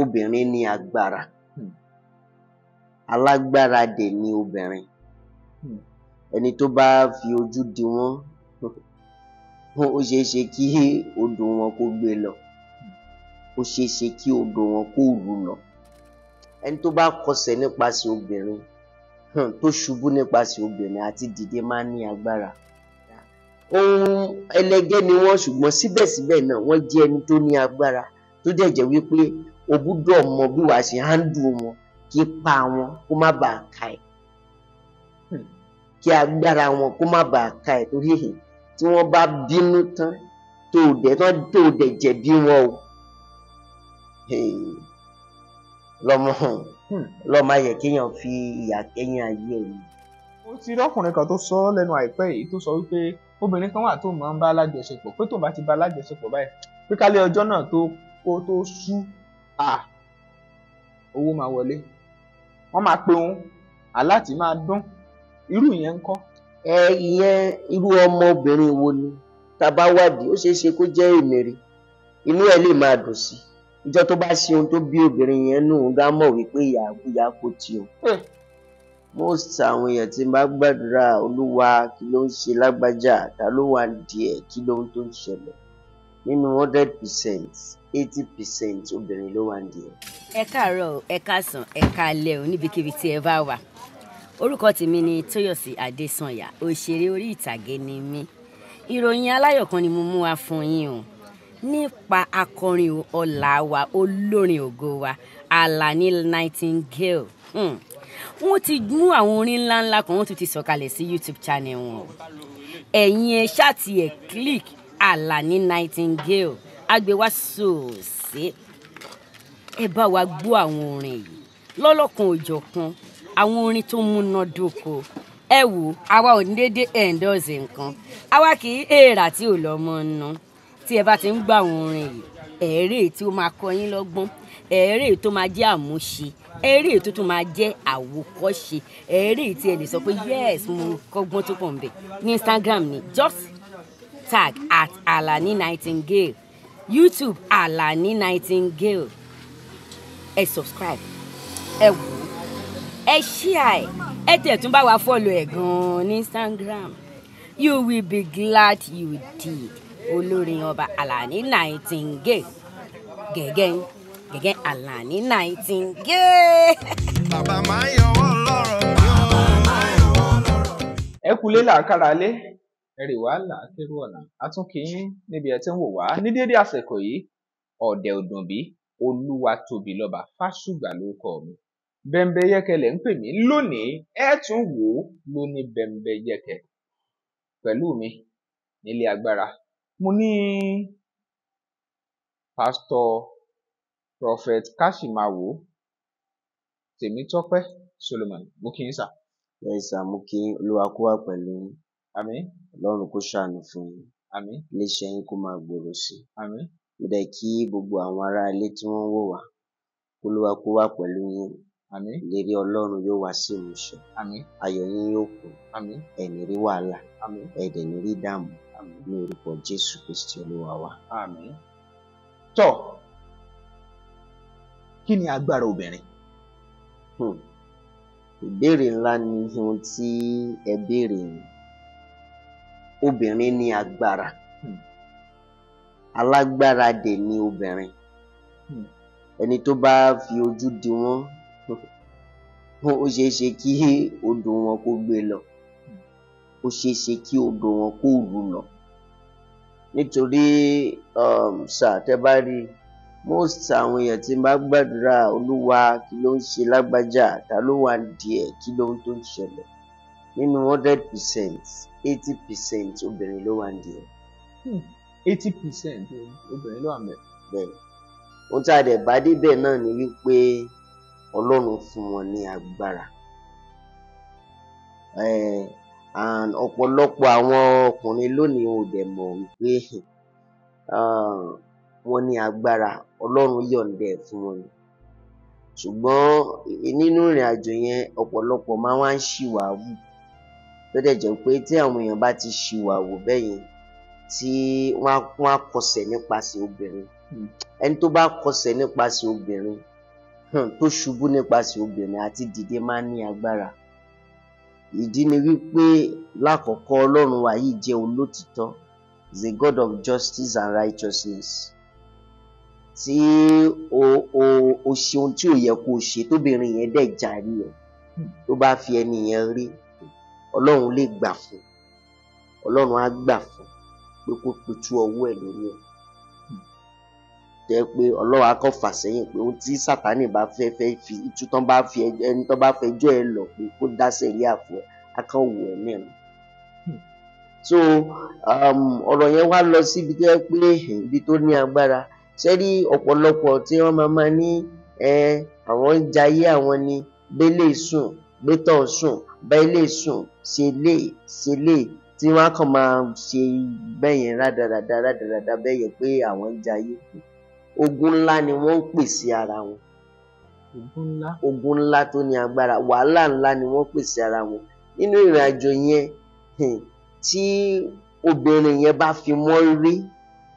obìnrin ní agbára hmm. alágbára dẹ̀ ni obìnrin hmm. ẹni tó bá fi ojú di wọ́n ó ṣeé ṣe kí odò wọn kó gbé lọ ó ṣeé ṣe kí odò wọn kó rú lọ ẹni tó bá kọsẹ̀ nípasẹ̀ obìnrin hmm, tó ṣubú nípasẹ̀ obìnrin àti dìde máa ní agbára ohun ẹlẹgẹ́ ni wọ́n ṣùgbọ́n síbẹ̀síbẹ̀ náà wọ́n jẹ́ ẹni tó ní agbára tó dẹ̀ wípé o gbúdọ̀ mọ bí wàá ṣe hándù wọn kí pa wọn kó má bàa ka ẹ̀ hmm. kí agbára wọn kó má bàa ka ẹ̀ torí èyí tí wọ́n bá bínú tán tó o dẹ̀ tán tó o dẹ̀ jẹ̀bi wọn o lọ́mọ hmm, lọ́mọ ayẹ kéèyàn fi ìyà kẹ́yìn ayé ẹ̀ ni. ti rí kan tó sọ ọ́ lẹ́nu àìpẹ́ yìí tó sọ wípé obìnrin kan wà tó máa ń bá alájọṣepọ̀ pé tó bá ti bá alájọṣepọ̀ báyìí pé kálẹ̀ ọjọ́ náà tó kó tó sú à ah, owó máa wọlé wọ́n máa pe òun aláàtì máa dún irú ìyẹn ńkọ́. ẹ ìyẹn irú ọmọbìnrin wo ni tàbá wádìí ó ṣeé ṣe kó jẹ́ èmèrè inú ẹ̀ lè máa dùn sí ìjọ tó bá ṣe ohun tó bí obìnrin yẹn nù ń gá mọ̀ wípé ìyá kò tí o. most àwọn èèyàn tí n bá gbàdúrà olúwa kí ló ń ṣe lágbájá ta ló wà díẹ̀ kí ló tó ń ṣẹlẹ̀ nínú hundred percent eighty percent obìnrin ló wà nídìí. ẹ káàárọ̀ ẹ káàsán ẹ káalẹ́ o níbikíbi tí ẹ bá wà orúkọ tèmi ni Tóyọ̀sí Adésànyà òṣèré orí ìtàgé ni mí ìròyìn aláyọ̀ kan ni mo mú wá fún yín o nípa akọrin ọlá wa olórin ògo wa Alani Nightingale hmm. wọ́n ti mú àwọn orin ńláńlá kan wọ́n tún ti sọ̀kalẹ̀ sí YouTube channel wọn ẹ̀yin ẹ ṣáàtì ẹ̀ click Alani Nightingale agbèwá sòòsè ẹ bá wa gbọ́ àwọn orin yìí lọ́lọ́kan òjọ̀kan àwọn orin tó múná dóko ẹ wò àwa ò ní dédé endorse nǹkan àwa kì í èèrà tí ò lọ mọ nu tí ẹ bá ti ń gbọ́ àwọn orin yìí ẹ̀ẹ́rẹ́ tí ó máa kọ́ yín lọ́gbọ́n ẹ̀ẹ́rẹ́ tó máa jẹ́ àmúṣe ẹ̀ẹ́rẹ́ tó tún máa jẹ́ àwòkọ́ṣe ẹ̀ẹ́rẹ́ tí ẹ lè sọ pé yes mo kọ́gbọ́n tó pọ̀ ń bẹ̀ ní Instagram ni just tag at Alani Nightingale YouTube Alani Nightingale ẹ subscribe ẹ wò ẹ share ẹ tẹ̀ tún bá wa follow ẹ̀ gan-an ní Instagram you will be glad you did olórin ọba Alani Nightingale gẹ́gẹ́ gẹ́gẹ́ Alani Nightingale. bàbá máa ń ẹ kú lé lé ẹrè wá là á kérú ọ̀nà a tún kí yín níbi ẹ ti ń wò wá ní déédé àsìkò yìí ọ̀dẹ̀ òdùnbí olúwa tóbi lọ́ba fásùgbà ló kọ́ mi bẹ́ńbẹ́yẹ́kẹ́ lẹ̀ ń pè mí lónìí ẹ tún wò ó lóní bẹ́ńbẹ́yẹ́kẹ́ pẹ̀lú mi nílé agbára mo ní pásítọ̀ prophet káṣímáwò tèmítọ́pẹ́ solomon mo kí yín sà. ẹ sà mo olúwa kó wà pẹ̀lú Àmín. Ọlọ́run kó ṣàánú fún yín. Àmín. Iléeṣẹ́ yín kó máa gbòòrò sí i. Àmín. Mo dẹ̀ kí gbogbo àwọn ará ilé tí wọ́n ń wò wá, k'Olúwa kó wà pẹ̀lú yín. Àmín. Ìlérí Ọlọ́run yóò wá sí ìmúṣẹ. Àmín. Ayọ̀ yín yóò kún. Àmín. Ẹ ẹ̀ ní rí wàhálà. Àmín. Ẹ dẹ̀ ní rí ìdààmú. Àmín. Ní orúkọ Jésù Kristì Olúwa wa. Àmín. Tọ́ kí ni agbára obìnrin? Hmm. Ìbéèrè ńlá ni ohun tí ẹ béèrè yìí obìnrin ní agbára hmm. alágbára dẹ̀ ni obìnrin hmm. ẹni tó bá fi ojú di wọ́n ó ṣeé ṣe kí odò wọn kó gbé lọ hmm. ó ṣeé ṣe kí odò wọn kó rú lọ nítorí um, sà tẹ bá rí most àwọn èèyàn tí bá gbàdúrà olúwa kí ló ń ṣe lágbájá ta ló wà ń kí ló ń tó ń ṣẹlẹ̀ nínú hundred percent eighty percent obìnrin ló wà nídìí ẹ̀. Hmm, eighty percent obìnrin ló wà mẹ́. bẹ́ẹ̀ ohun tí a dẹ̀ bá débẹ̀ náà ni wípé ọlọ́run fún wọn ní agbára and ọ̀pọ̀lọpọ̀ àwọn ọkùnrin lónìí ò dẹ̀ mọ̀ wípé wọ́n ní agbára ọlọ́run yọ̀ǹdẹ̀ fún wọn ṣùgbọ́n nínú ìrìn àjò yẹn ọ̀pọ̀lọpọ̀ máa wá ń ṣìwà wù tó dẹ̀ jẹ́ pé tí àwọn èèyàn bá ti ṣìwàwò bẹ́yẹn tí wọ́n á kọsẹ̀ nípasẹ̀ obìnrin hmm. ẹni tó bá kọsẹ̀ nípasẹ̀ obìnrin hmm, tó ṣubú nípasẹ̀ obìnrin àti dìde máa ń ní agbára ìdí ni wípé lákọ̀ọ́kọ́ ọlọ́run wa yìí jẹ́ olótìtọ́ is a God of justice and righteousness tí o o o ṣe ohun tí ò yẹ kó o ṣe tóbìnrin yẹn dẹ̀ jàre ẹ̀ hmm. tó bá fi ẹni yẹn rí ọlọ́run lè gbà fún ọlọ́run á gbà fún pé kó petú ọwọ́ ẹ̀ lórí ẹ̀ jẹ́ pé ọlọ́run á kọ́ fà sẹ́yìn pé ohun tí sátani bá fẹ́ fẹ́ fi ìtú tán bá fi ẹni tán bá fẹjọ́ ẹ lọ pé kó dá sẹ́rí àfọ á kàn wù ẹ́ mẹ́rin so um, ọ̀rọ̀ yẹn wá lọ síbi tó yẹ pé ibi tó ní agbára sẹ́rí ọ̀pọ̀lọpọ̀ tí wọ́n máa máa ní àwọn jayé àwọn ni bẹ́lẹ̀ sùn gbétọ̀ sùn bẹ́lẹ̀ sùn ṣẹlẹ̀ ṣẹlẹ̀ tí wọ́n á kàn máa ṣe bẹ́yẹn rádaràda rádaràda bẹ́yẹn pé àwọn ń jayé kù ogun ńlá ni wọ́n ń pèsè ara wọn ogun ńlá tó ní agbára wàhálà ńlá ni wọ́n pèsè ara wọn nínú ìrìn àjò yẹn hmm, tí obìnrin yẹn bá fi mọ́ rí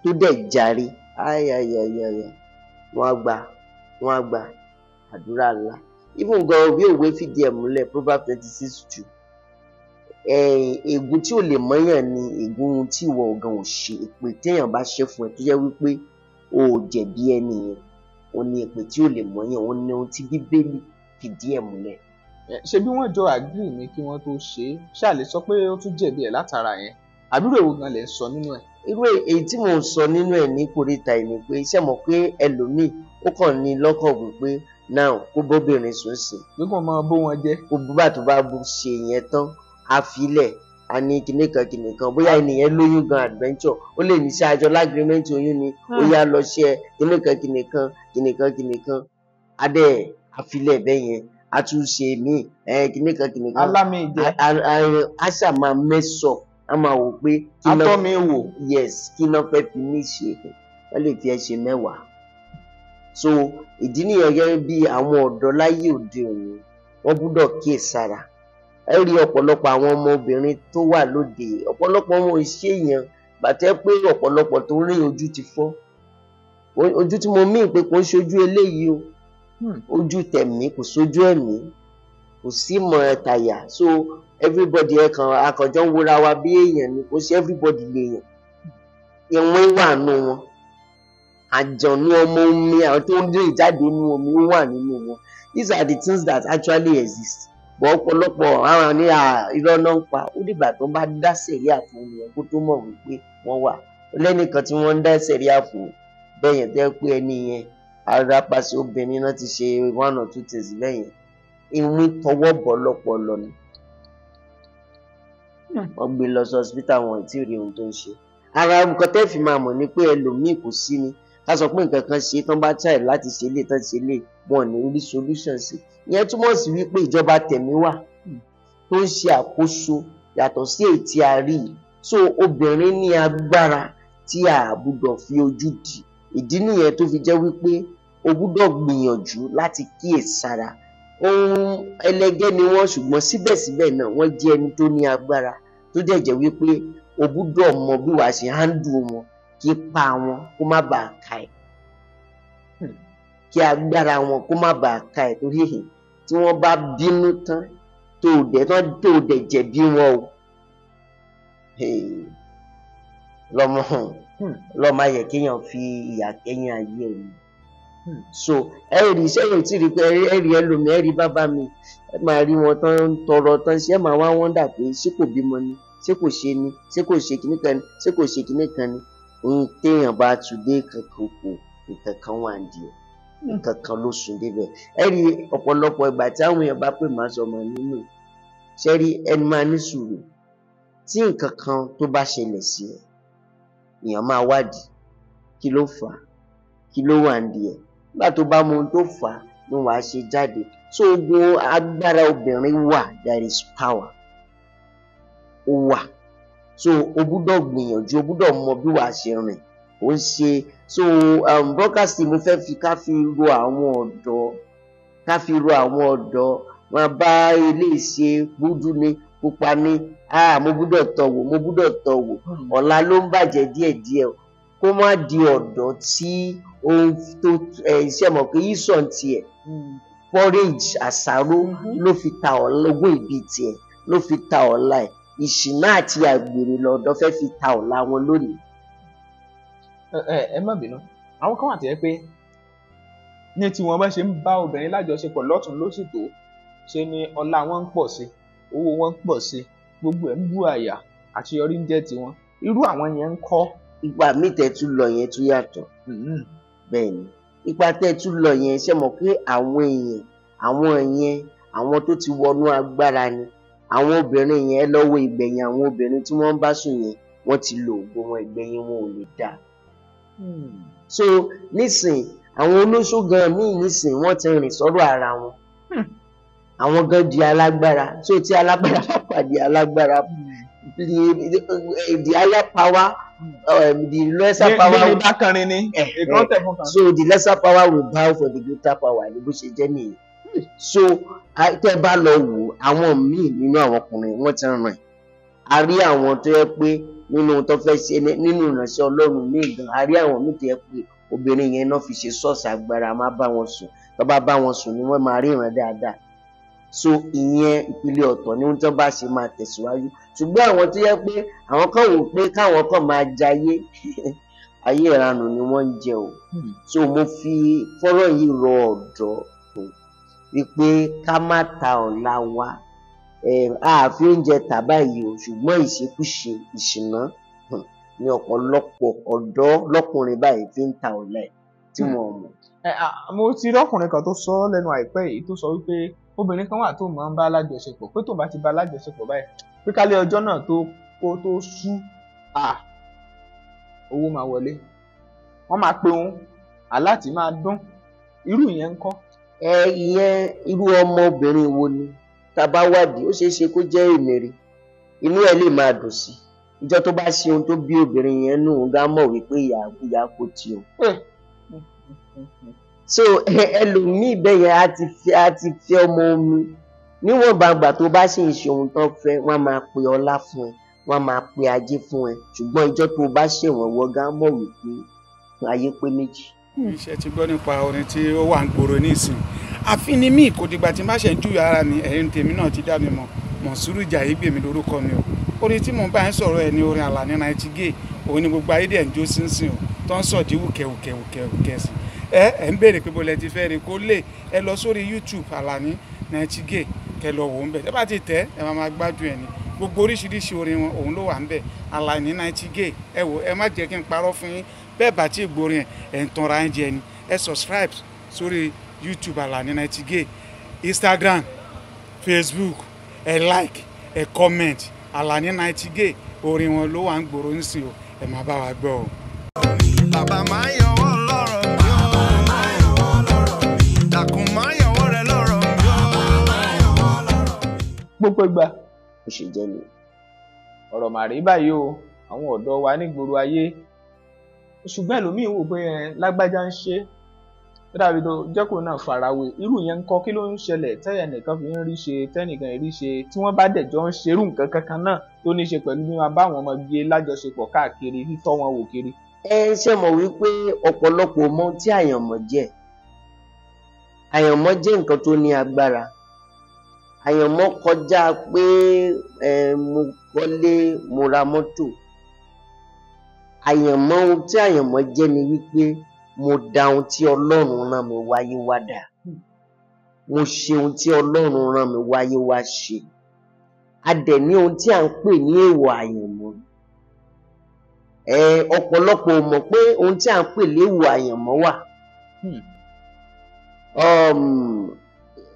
tó dẹ̀ jàre ayayayaya wọ́n á gbà wọ́n á gbà àdúrà ńlá even gan òbí òwe fìdí ẹ̀ múlẹ̀ proverb twenty six two ègún tí ò lè mọ́yàn ni ègún tí ìwọ ọ̀gàn ò ṣe èpè téèyàn bá ṣe fún ẹ tó jẹ́ wípé o ò jẹ̀bi ẹni yẹn òun ni èpè tí ò lè mọ́yàn òun ni ohun tí bíbélì fìdí ẹ̀ múlẹ̀. ṣebí wọ́n jọ àgbì ní kí wọ́n tó ṣe é ṣáà lè sọ pé ó tún jẹ̀bi ẹ̀ látara yẹn àbúrò èwo gan lè sọ nínú ẹ̀. irú e-, èyí tí mò ń sọ nínú ẹ̀ ní kòríta ẹ̀ ni pé iṣẹ́ mọ̀ pé ẹlòmíì ó kàn ní lọ́kàn wípé náà kó bóbìnrin sùn sí. pé kò máa bó wọn jẹ́. kó búbà tó bá bú ṣe yẹn tán á filẹ̀ a ní kìnìkan kìnìkan bóyá ènìyàn lóyún gan adventure ó lè ní sí àjọ lágrímẹ́ǹtì oyún ni hmm. ó yá lọ ṣe kìnìkan kìnìkan kìnìkan kìnìkan adé àfilẹ̀ bẹ́ẹ̀ a tún ṣe míì kìnìkan kìnìkan alámi ìjẹ a ṣà máa mess a máa wò pé. atọ́ mi wò. yes kí náà fẹ́ fi mí ṣe wọ́n lè fi ẹ ṣe mẹ́wàá. so ìdí nìyẹn gẹ́gẹ́ bí àwọn ọ̀dọ́ láyé òde òní wọ́n gbúdọ̀ kíyè sára ẹ rí ọ̀pọ̀lọpọ̀ àwọn ọmọbìnrin tó wà lóde ọ̀pọ̀lọpọ̀ wọn ò ṣe èèyàn bàtẹ́ pé ọ̀pọ̀lọpọ̀ tó ń rí ojú ti fọ́ ojú tí mo mí pé kò ń ṣojú eléyìí o hmm, ojú tẹ̀mí kò sójú ẹ̀mí kò sí mọ̀ ẹ so everybody ẹ kàn akànjọ ń wúra wa bí èèyàn ni kò sí everybody lèèyàn ìwọ̀n wà nù wọn àjọ̀nú ọmọ omi àwọn tó ń lè jáde nínú omi wà nínú wọn these are the things that actually exist bọ́ ọ̀pọ̀lọpọ̀ àwọn ní irọ́ náà ń pa ó dìgbà tó bá dá sẹ̀ríà fún wọn kó tó mọ̀ wípé wọ́n wà lẹ́nìkan tí wọ́n ń dá sẹ̀ríà fún bẹ́ẹ̀ yẹn tẹ́ pé ẹni yẹn ara obìnrin náà ti ṣe one or two things lẹ́yìn ewé tọwọ́ bọ̀ lọ́pọlọ ni hmm. wọ́n gbé lọ sí hospital wọn ò tí ì rí ohun tó ń ṣe ara nǹkan tẹ́ fi máa mọ̀ ni pé ẹlòmíì kò sí ni ká sọ pé nǹkan kan ṣe tán bá try láti ṣe lè tán ṣe lè wọn ní rí solution sí ìyẹn túmọ̀ sí wípé ìjọba tẹ̀mí wà tó ń ṣe àkóso yàtọ̀ sí èyí tí so obìnrin ní agbára tí a gbúdọ̀ fi ojú di ìdí nìyẹn tó fi jẹ́ wípé o gbúdọ̀ gbìyànjú láti kíyèsára ohun ẹlẹgẹ́ ni wọ́n ṣùgbọ́n síbẹ̀síbẹ̀ náà wọ́n jẹ́ ẹni tó ní agbára tó dẹ̀ jẹ́ wípé o gbúdọ̀ mọ bí wàá ṣe handle wọn kí ipa wọn kó má bàa ka ẹ̀ hmm. kí agbára wọn kó má bàa ka ẹ̀ torí èyí tí wọ́n bá bínú tán tó o dẹ̀ tán tó o dẹ̀ jẹ̀bi wọn o lọ́mọ hmm. lọ́mọ ayẹ̀ fi ìyà kẹ́yìn ayé ẹ̀ Hmm. so ẹ rí iṣẹ́ yìí tí rí pé ẹ rí ẹlòmí ẹ rí bàbá mi ẹ máa rí wọn tán ń tọrọ tán ṣé màá wá wọ́ndà pé ṣé kò bímọ ni ṣé kò ṣe ni ṣé kò ṣe kíní kan ni ṣé kò ṣe kíní kan ni ohun téèyàn bá tún dé kankan kò nǹkan kan wà ní ẹ hmm. nǹkan kan ló sùn débẹ̀ ẹ rí ọ̀pọ̀lọpọ̀ ìgbà tí àwọn èèyàn bá pè má sọ ọmọ nínú ṣe rí ẹni máa ní sùúrù tí nǹkan kan tó bá ṣẹlẹ̀ sí ẹ èèyàn máa wádìí kí ló fà á kí ló wà ní nígbà tó bá mọ ohun tó fà á ni wàá ṣe jáde so oògùn agbára obìnrin wà there is power ó wà so o gbúdọ̀ gbìyànjú o gbúdọ̀ mọ bí wàá ṣe rìn ó ń ṣe so um, broadcast mo fẹ́ fi ká fi ro àwọn ọ̀dọ́ ká fi ro àwọn ọ̀dọ́ wọn bá ilé ìṣe pupa ni ah mo gbúdọ̀ tọ̀wò mo gbúdọ̀ tọ̀wò ọ̀la ló ń bàjẹ́ díẹ̀díẹ̀ o kó má di ọ̀dọ́ tí ohun tó ṣe mọ̀ pé yíṣàn tiẹ̀ porridge àṣàrò mm-hmm. ló fi ta ogún ìbí tiẹ̀ ló fi ta ọ̀la ẹ̀ ìṣìnà àti àgbèrè lọ́dọ̀ fẹ́ fi ta ọ̀la wọn lónìí. ẹ ẹ má bínú àwọn kan wà tó yẹ pé ní tí wọn bá ṣe ń bá obìnrin lájọṣepọ̀ lọ́tún lósì ṣe ni ọlá wọn ń pọ̀ sí owó wọn ń pọ̀ sí gbogbo ẹ̀ ń bú àyà àṣeyọrí ń jẹ́ tiwọn irú àwọn yẹn ń kọ́ ipa míì tẹ́ tún lọ yẹn tún yàtọ̀ mm-hmm. bẹ́ẹ̀ ni ipa tẹ́ lọ yẹn ṣe mọ̀ pé àwọn èèyàn àwọn yẹn àwọn tó ti wọnú agbára ni àwọn obìnrin yẹn lọ́wọ́ ìgbẹ̀yìn àwọn obìnrin tí wọ́n bá sùn yẹn wọ́n ti lo oògùn wọn ìgbẹ̀yìn wọn ò lè dáa hmm. so nísìn àwọn olóṣó gan míì nísìn wọ́n ti rìn sọ́rọ̀ ara wọn hmm. àwọn gan di alágbára so tí alágbára bá pàdé alágbára the higher power Uh, um, lesser power will dákànrin ni eh, eh, so the lesser power will bow for the greater power ni bó ṣe jẹ́ nìyẹn so tẹ́ bá lọ wò àwọn míì nínú àwọn ọkùnrin wọ́n ti rìn a rí àwọn tó yẹ pé nínú tó fẹ́ ṣe nínú ìránṣẹ́ Ọlọ́run míì gan a rí àwọn míì tó yẹ pé obìnrin yẹn náà fi ṣe ṣọ́ọ̀ṣì agbára má bá wọn sùn tó bá bá wọn sùn ni wọ́n máa ríran dáadáa so ìyẹn ìpìlẹ̀ ọ̀tọ̀ ní ohun tó bá ṣe máa tẹ̀síwájú ṣùgbọ́n àwọn tó yẹ pé àwọn kan wò pé káwọn kan máa jayé ayé ìranù ni wọ́n ń jẹ o hmm. so mo fi fọ́rọ̀ yìí rọ ọ̀dọ́ wípé ká má ta ọ̀la wa àfi oúnjẹ tà báyìí o ṣùgbọ́n ìṣekúṣe ìṣìná hmm, ni ọ̀pọ̀lọpọ̀ ọ̀dọ́ lọ́kùnrin báyìí fi ń ta ọ̀la ẹ̀ tí hmm. wọ́n mọ̀. mo ti rí ọkùnrin kan tó sọ lẹ́nu àìpẹ́ yìí tó sọ wípé obìnrin kan wà tó máa ń bá alájọṣepọ̀ pé tó bá ti bá alájọṣepọ̀ báyìí pé kálẹ̀ ọjọ́ náà tó kó tó sú à owó máa wọlé wọ́n máa pe òun aláàtì máa dún irú ìyẹn ń kọ́. ẹ ìyẹn irú ọmọbìnrin wo ni tá a bá wádìí ó ṣeé ṣe kó jẹ́ èmèrè inú ẹ̀ lè máa dùn sí ìjọ tó bá ṣe ohun tó bí obìnrin yẹn nù ń gá mọ̀ wípé ìyà kò tí o so ẹlòmíì bẹ́ẹ̀ yẹn á ti fi á ti fi ọmọ omi níwọ̀n gbàgbà tó bá sì ń ṣe ohun tán fẹ́ wọ́n máa pe ọlá fún ẹ wọ́n máa pe ajé fún ẹ ṣùgbọ́n ìjọ tó bá ṣèwọ̀n wọ́gá mọ̀ wípé ayé pé méjì. iṣẹ́ hmm. ti gbọ́ nípa orin tí ó wà ń gbòòrò nísìn àfi ni mí kò dìgbà tí n bá ṣe ń júwe ara mi ẹ̀yin tèmi náà ti dá mi mọ̀ Mọ̀súrù Jàyégbé mi lórúkọ mi o orin tí mò ń bá yín sọ̀rọ̀ ẹ̀ ní orin Àlàní Nightingale òun ni gbogbo ayé dẹ̀ ń jó sínsìn o tó ń sọ̀ di wùkẹ́wùkẹ́wùkẹ́ sí i ẹ ẹ ń béèrè pé bọ́lẹ̀ ti fẹ́ rí kó lè ẹ lọ sórí YouTube Alani Nighty Gaye kẹ lọ wò ó ń bẹ̀ tẹ́ bá ti tẹ́ ẹ máa máa gbádùn ẹ̀ ni gbogbo oríṣiríṣi orin wọn òun ló wà ń bẹ̀ Alani Nighty Gaye ẹ wò ẹ má jẹ́ kí n parọ́ fún yín bẹ́ẹ̀ bá tí ìgbórin ẹ̀ ẹ̀ ń tanra ẹ̀ jẹ ni ẹ subscribe sórí YouTube Alani Nighty Gaye Instagram Facebook ẹ like ẹ comment Alani Nighty Gaye orin wọn ló wà ń gbòòrò nísìnyí o ẹ máa bá wa gbọ́ o. bàbá máa yọ wọ́n. gbogbo ìgbà ó ṣe jẹ́ mi. ọ̀rọ̀ màrí báyìí o àwọn ọ̀dọ́ wa nígboro ayé ṣùgbọ́n ẹlòmíì wò pé lágbájá ń ṣe tẹ́tàbí tó jẹ́kù náà farawé irú yẹn ń kọ́ kí ló ń ṣẹlẹ̀ tẹ́yà nìkan fi ń rí ṣe tẹ́nìkan rí ṣe tí wọ́n bá dẹ̀ jọ ń ṣerú nǹkan kankan náà tó ní ṣe pẹ̀lú bí wọ́n bá àwọn ọmọ gbé lájọṣepọ̀ káàkiri títọ́ wọn wò kiri. ẹ ṣe mọ̀ wípé ọ̀pọ̀lọpọ̀ mọ tí àyànmọ́ jẹ́ àyànmọ́ jẹ́ nǹkan tó ní agbára àyànmọ́ kọjá pé mo kọ́lé mo ra mọ́tò àyànmọ́ ohun tí àyànmọ́ jẹ́ ni wípé mo da ohun tí ọlọ́run rán mi wáyé wá dà mo ṣe ohun tí ọlọ́run rán mi wáyé wá ṣe a dẹ̀ ní ohun tí à ń pè ní èèwọ̀ àyànmọ́ ọ̀pọ̀lọpọ̀ ò mọ̀ pé ohun tí à ń pè léèwọ̀ àyànmọ́ wà hmm. um,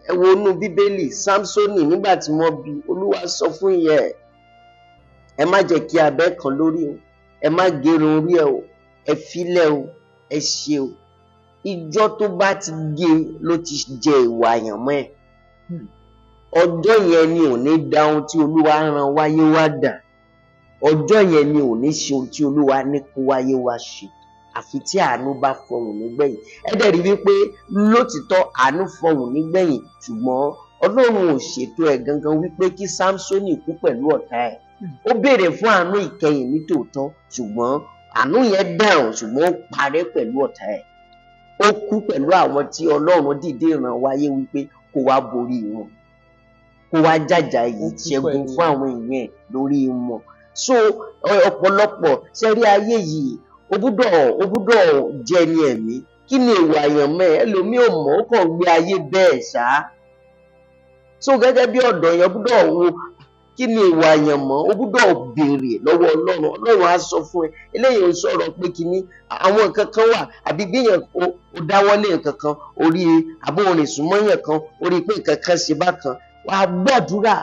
ẹ wonú bíbélì samsoni nígbà tí wọ́n bí olúwa sọ fún ìyá ẹ̀ ẹ má jẹ́ kí abẹ́ kan lórí o ẹ má gérun orí ẹ o ẹ filẹ̀ o ẹ ṣe o ìjọ́ tó bá ti gé ló ti jẹ ìwà àyàn mọ́ ẹ̀ ọjọ́ yẹn ni ò ní dá ohun tí olúwa rán wáyé wá dà ọjọ́ yẹn ni ò ní ṣe ohun tí olúwa ní kó wáyé wá ṣe àfi tí àánú bá fọhùn nígbẹ̀yìn ẹ dẹ̀ rí wípé lótìtọ́ àánú fọhùn nígbẹ̀yìn ṣùgbọ́n ọlọ́run ò ṣètò ẹ̀ gangan wípé kí Sámsónì kú pẹ̀lú ọ̀tá ẹ̀ ó béèrè fún àánú ìkẹyìn ní tòótọ́ ṣùgbọ́n àánú yẹn dàn ṣùgbọ́n ó parẹ́ pẹ̀lú ọ̀tá ẹ̀ ó kú pẹ̀lú àwọn tí ọlọ́run dìde ràn wáyé wípé kó wá borí wọn kó wá jàjà yìí ṣẹ́gun fún àwọn èèyàn lórí wọn so ọ̀pọ̀lọpọ̀ sẹ́rí ayé yìí o gbúdọ̀ o gbúdọ̀ jẹ́ ni ẹ̀mí kí ni ìwà èèyàn mẹ́ ẹlòmíì ò mọ̀ ó kàn gbé ayé bẹ́ẹ̀ ṣá so gẹ́gẹ́ bí ọ̀dọ́ èèyàn gbúdọ̀ wo kí ni ìwà èèyàn mọ́ ó béèrè lọ́wọ́ ọlọ́run ọlọ́run á sọ fún ẹ eléyìí ò sọ̀rọ̀ pé kínní àwọn nǹkan kan wà àbí o dáwọ́lé nǹkan kan orí àbórin kan orí pé nǹkan kan ṣe bákan wàá gbàdúrà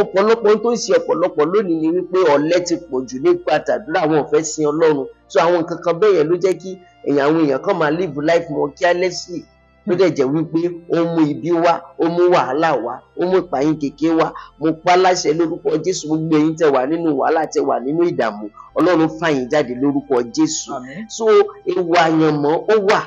ọ̀pọ̀lọpọ̀ tó ń ṣe ọ̀pọ̀lọpọ̀ lónìí ni wípé ọ̀lẹ ti pọ̀ jù nípa tàdúrà àwọn ò fẹ́ sin ọlọ́run so àwọn nǹkan kan bẹ́ẹ̀ yẹn ló jẹ́ kí èèyàn àwọn èèyàn kan máa live life wọn carelessly ló dẹ̀ jẹ́ wípé ó mú ibi wá ó mú wàhálà wá ó mú ìpààyàn kéke wá mo pa láṣẹ lórúkọ jésù gbogbo ẹ̀yin tẹ́ wà nínú wàhálà tẹ́ wà nínú ìdààmú ọlọ́run fà yín jáde lórúkọ jésù so ewu àyànmọ́ ó wà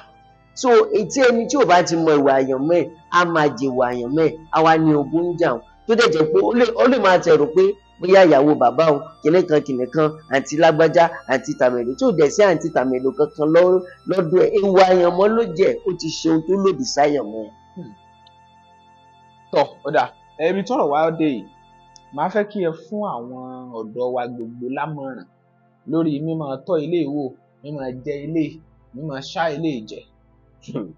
so etí ẹni tí ò bá ti mọ ìwà àyàn mẹ́ẹ̀ á máa jèwà àyàn mẹ́ẹ̀ á wá ní ogún ń jà wọn tó dẹ̀ jẹ́ pé ó lè máa tẹ̀rù pé bóyá ìyàwó bàbá òun kìnìkan kìnìkan àǹtí lágbájá àǹtí tàmẹ̀lò tí ò dẹ̀ sí àǹtí tàmẹ̀lò kankan lọ́dọ̀ ẹ̀ ìwà àyàn mọ́ ló jẹ́ ó ti ṣe ohun tó lòdì sáyàn mọ́ hmm. tọ ọ̀dà ẹbí tọrọ wá dé yìí màá fẹ́ kí ẹ fún àwọn ọ̀dọ́ wa gbogbo lámọ̀ràn lórí mímọ tọ́ ilé ìwò mímọ jẹ ilé mímọ ṣá ilé ìjẹ Hmm.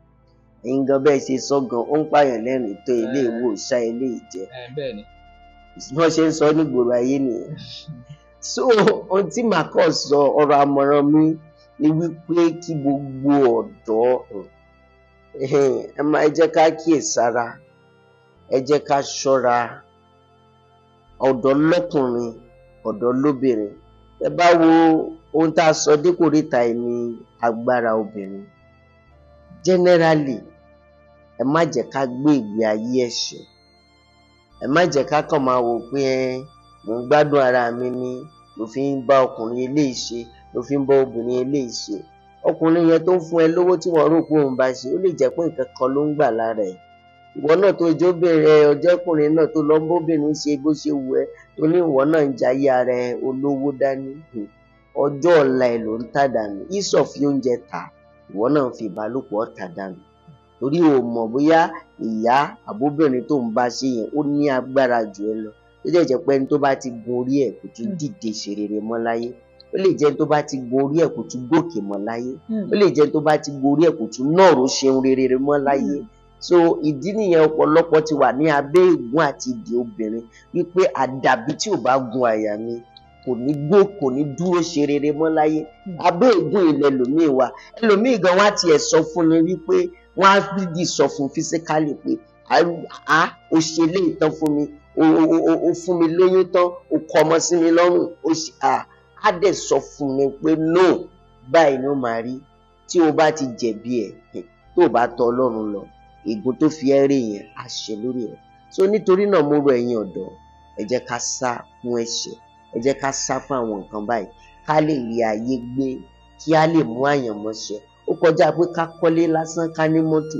ẹ̀yin gan bẹ́ẹ̀ ṣe sọ gan ó ń pààyàn lẹ́rìn tó ilé ìwò ṣá ilé ìjẹ́ wọ́n ṣe ń sọ nígboro ayé nìyẹn so ohun tí màá kọ́ sọ ọ̀rọ̀ àmọ̀ràn mi ni wípé kí gbogbo ọ̀dọ́ ẹ máa jẹ́ ká kíyèsára ẹ jẹ́ ká ṣọ́ra ọ̀dọ́ lọ́kùnrin ọ̀dọ́ lóbìnrin ẹ bá wo ohun tá a sọ dípò ríta ẹni agbára obìnrin generally ẹ má jẹ́ ká gbé ìgbé ayé ṣe ẹ má jẹ́ ká kàn máa wò pé mò ń gbádùn ara mi ni ló fi ń bá ọkùnrin eléyìí ṣe ló fi ń bá obìnrin eléyìí ṣe ọkùnrin yẹn tó ń fún ẹ lówó tí wọ́n rò pé òun bá ṣe ó lè jẹ́ pé nǹkan kan ló gbà lára ìwọ náà tó náà tó lọ bóbìnrin ṣe bó ṣe ìwọ náà ń fi ìbálòpọ̀ ọ̀tá dànù torí o mọ̀ bóyá ìyá àbóbìnrin tó ń bá ṣe yẹn ó ní agbára jù ẹ lọ tó dẹ̀ jẹ́ pé ẹni tó bá ti gun orí ẹ̀ kò tún dìde ṣe rere mọ́ láyé ó lè jẹ́ ẹni tó bá ti gun orí ẹ̀ kò tún gòkè mọ́ láyé ó lè jẹ́ ẹni tó bá ti gun ẹ̀ kò tún nọ̀rọ̀ ṣeun rere mọ́ láyé so ìdí nìyẹn ọ̀pọ̀lọpọ̀ ti wà ní abẹ́ ègún àti ìdè obìnrin wípé àdàbí tí ò bá gun àyà mi kò ní gbó kò ní dúró ṣe rere mọ́ láyé abẹ́ ègún ilẹ̀ lòmíì wa ẹlòmíì gan wá tiẹ̀ sọ fún mi wípé wọ́n á fìdí sọ fún físíkálì pé a ò ṣe lè tán fún mi o fún mi lóyún tán o kọ ọmọ sí mi lọ́rùn o ṣe a á dẹ̀ sọ fún mi pé no báyìí ló máa rí tí o bá ti jẹ̀bi ẹ̀ tó o bá tọ ọlọ́run lọ ègún tó fi ẹ́ rè yẹn á lórí ẹ̀ so nítorí náà mo rọ ẹ̀yin ọ̀dọ́ ẹ jẹ́ ká sá fún ẹ̀ṣẹ̀ ẹ jẹ́ ká sá fún àwọn nǹkan báyìí ká lè rí ayé gbé kí á lè mú àyànmọ́ ṣe ó kọjá pé ká kọ́lé lásán ká ní mọ́tò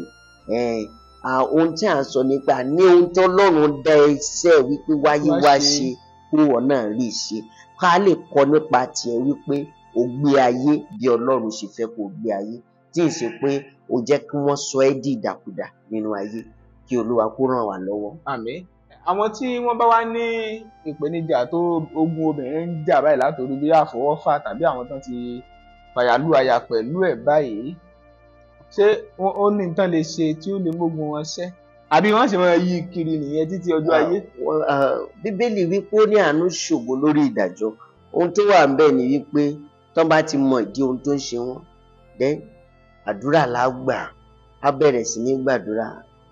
ohun tí à ń sọ nípa ní ohun tó lọ́rùn dá iṣẹ́ wípé wáyé wá ṣe kúrò náà rí ṣe ká lè kọ́ nípa tiẹ̀ wípé o gbé ayé bí ọlọ́run ṣe fẹ́ kó o gbé ayé tí ì ṣe pé o jẹ́ kí wọ́n sọ ẹ́ di nínú ayé kí olúwa kó ràn wá lọ́wọ́ àwọn tí wọ́n bá wá ní ìpèníjà tó ogun obìnrin ń jà báyìí látòrí bí àfọwọ́fà tàbí àwọn tán ti fàyàlú àyà pẹ̀lú ẹ̀ báyìí ṣé ó ní nǹkan lè ṣe tí ó lè mógun wọn ṣẹ́ àbí wọ́n sì máa yí kiri nìyẹn títí ọjọ́ ayé. Ah, ah, bíbélì wípé ó ní àánú ṣògo lórí ìdájọ́ ohun tó wà ńbẹ̀ ni wípé tán bá ti mọ ìdí ohun tó ń ṣe wọn dẹ àdúrà la gbà á bẹ̀rẹ̀ sí ní gbàdúrà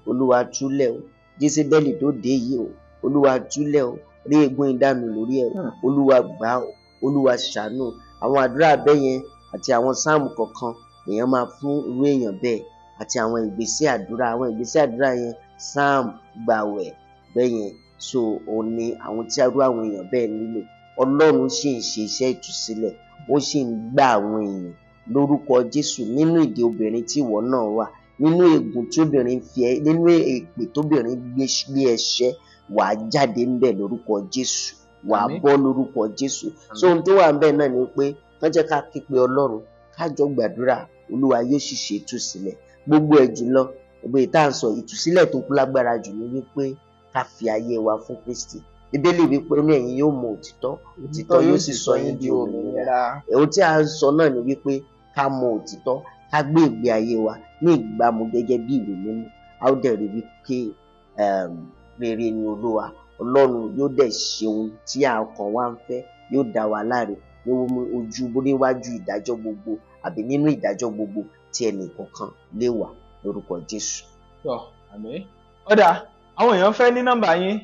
olúwa túlẹ̀ o jésébẹ́lì tó dé yìí o olúwa túlẹ̀ o rí ègún ìdánù lórí ẹ̀ hmm. olúwa gbà o olúwa ṣàánú àwọn àdúrà bẹ́ẹ̀ yẹn àti àwọn sáàmù kọ̀ọ̀kan èèyàn máa fún irú èèyàn bẹ́ẹ̀ àti àwọn ìgbésẹ̀ àdúrà àwọn ìgbésẹ̀ àdúrà yẹn sáàmù gbàwẹ̀ bẹ́ẹ̀ yẹn so òun ni àwọn tí arú àwọn èèyàn bẹ́ẹ̀ nílò ọlọ́run sì ń ṣe iṣẹ́ ìtúsílẹ̀ ó sì ń gba àwọn èèyàn lórúkọ jésù nínú ìdè obìnrin tí ìwọ náà wà nínú ègún tí obìnrin fi ẹ nínú èpè tóbìnrin gbé ẹṣẹ wà á jáde ńbẹ lórúkọ Jésù wà á bọ́ lórúkọ Jésù so ohun tó wà ńbẹ náà ni pé wọn jẹ ká kípe Ọlọ́run ká jọ gbàdúrà Olúwa yóò sì ṣe ìtúsílẹ̀ gbogbo ẹ jùlọ gbogbo ìta ń sọ ìtúsílẹ̀ tó kú lágbára jù ní wípé ká fi ayé wa fún Kristi bíbélì wípé ní ẹ̀yin yóò mọ òtítọ́ òtítọ́ yóò sì sọ yín di òmìnira èyí tí a ń sọ náà ni wípé ká mọ òtítọ́ á gbé ìgbé ayé wa ní ìgbàmú gẹ́gẹ́ bí ìwé mímọ́ a ó dẹ̀ rí wípé rere ni olúwa ọlọ́run yóò dẹ̀ ṣe ohun tí ọkàn wa ń fẹ́ yóò dá wa láre ní ojú níwájú ìdájọ́ gbogbo àbí nínú ìdájọ́ gbogbo tí ẹnìkọ̀ọ̀kan lè wà lórúkọ jésù. tọ àmín ọ̀dà àwọn èèyàn fẹ́ ní nọ́mbà yín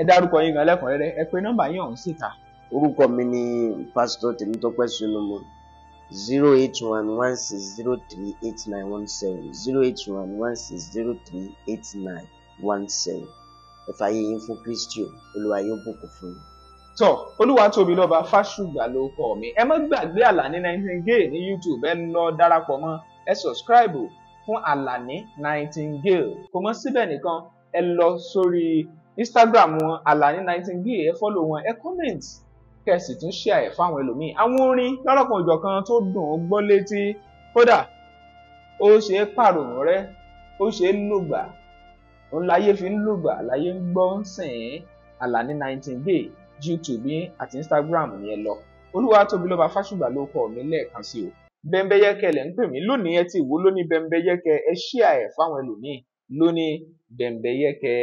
ẹ dárúkọ yín gan lẹ́kọ̀ọ́ rẹ ẹ pé nọ́mbà yín ọ̀hún síta. orúkọ mi ni pásítọ̀ Tèmítọ́pẹ́ Solomon zero eight one one six zero three eight nine one seven zero eight one one six zero three eight nine one seven ẹ fààyè yín fún Kristi Olúwa yóò bùkún fún yín tọ olúwa tóbi lọba fásùgbà ló kọ mi ẹ má gbàgbé àlàní nightingale ní youtube ẹ lọ darapọ̀ mọ́ ẹ subscribe fún àlàní nightingale kò mọ síbẹ̀ nìkan ẹ lọ sórí instagram wọn àlàní nightingale ẹ fọ́lọ̀ wọn ẹ comment kẹ̀sì tún ṣe àyẹ̀ fáwọn ẹlòmíì àwọn orin lọ́rọ̀kan òjọ̀ kan tó dùn ó gbọ́ létí kódà ó ṣe é pàrònú rẹ ó ṣe é lùgbà òun láyé fi ń lùgbà láyé ń gbọ́ ń sìn ín àlàní nineteen-day youtube àti instagram yẹn lọ olúwatóbi lọ́ba fásùgbà ló kọ mí lẹ́ẹ̀kan sí o bẹ́ńbẹ́yẹ́kẹ lẹ̀ ń pè mí lónìí ẹ ti wò lónìí bẹ́ńbẹ́yẹ́kẹ ẹ ṣí àyẹ̀ fáwọn ẹlòmíì lónìí bẹ́ńbẹ́yẹ́kẹ.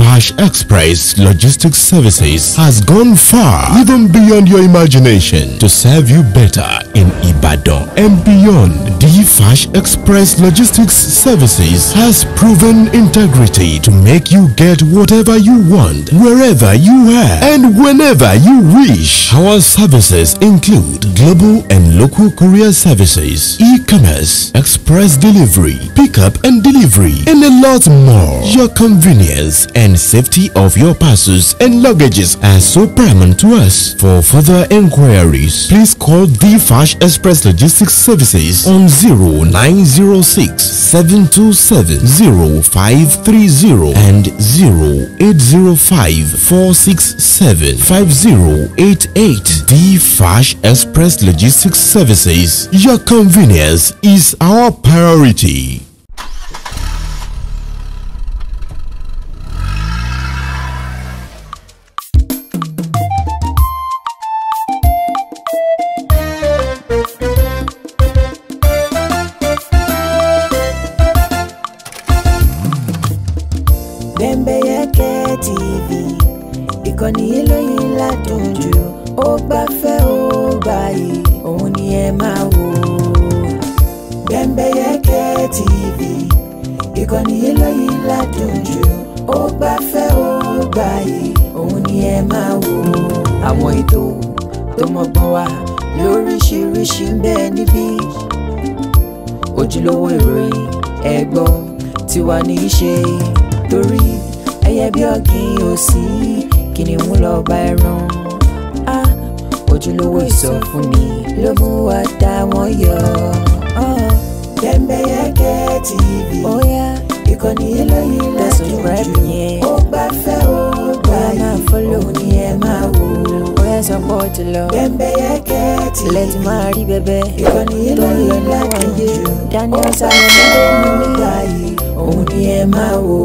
Flash Express Logistics Services has gone far, even beyond your imagination, to serve you better in Ibadan and beyond. DFASH Express Logistics Services has proven integrity to make you get whatever you want, wherever you are, and whenever you wish. Our services include global and local courier services, e-commerce, express delivery, pickup and delivery, and a lot more. Your convenience and safety of your parcels and luggages are so paramount to us. For further inquiries, please call DFASH Dash Express Logistics Services on 0906 727 0530 and 0805 467 5088. Dash Express Logistics Services. Your convenience is our priority. báyìí òun ni ẹ máa wò àwọn ètò tó mọ́gbọ́n wá lóríṣiríṣi ń bẹ níbí ojúlówó ìròyìn ẹ̀gbọ́n tiwa ní í ṣe torí ẹyẹ bí ọ̀gìn òsì kìnìún lọ́ba ẹran á ojúlówó ìsọfúnni ló mú wa dá wọn yọ. Bembeyeke TV ìkànnì eléyìí lẹ́sùn jù ó gbafẹ́ o ẹ máa fọ́lọ̀ ní ẹ máa wò. bóyá sọ lọ. bẹ́ẹ̀ yẹ kẹ́ẹ̀tì. ilẹ̀ ti rí bẹ́bẹ́. ìkànnì yìí ló ń lọ Daniel Salmon ló ń mú mi láàyè. òun ni ẹ máa wò.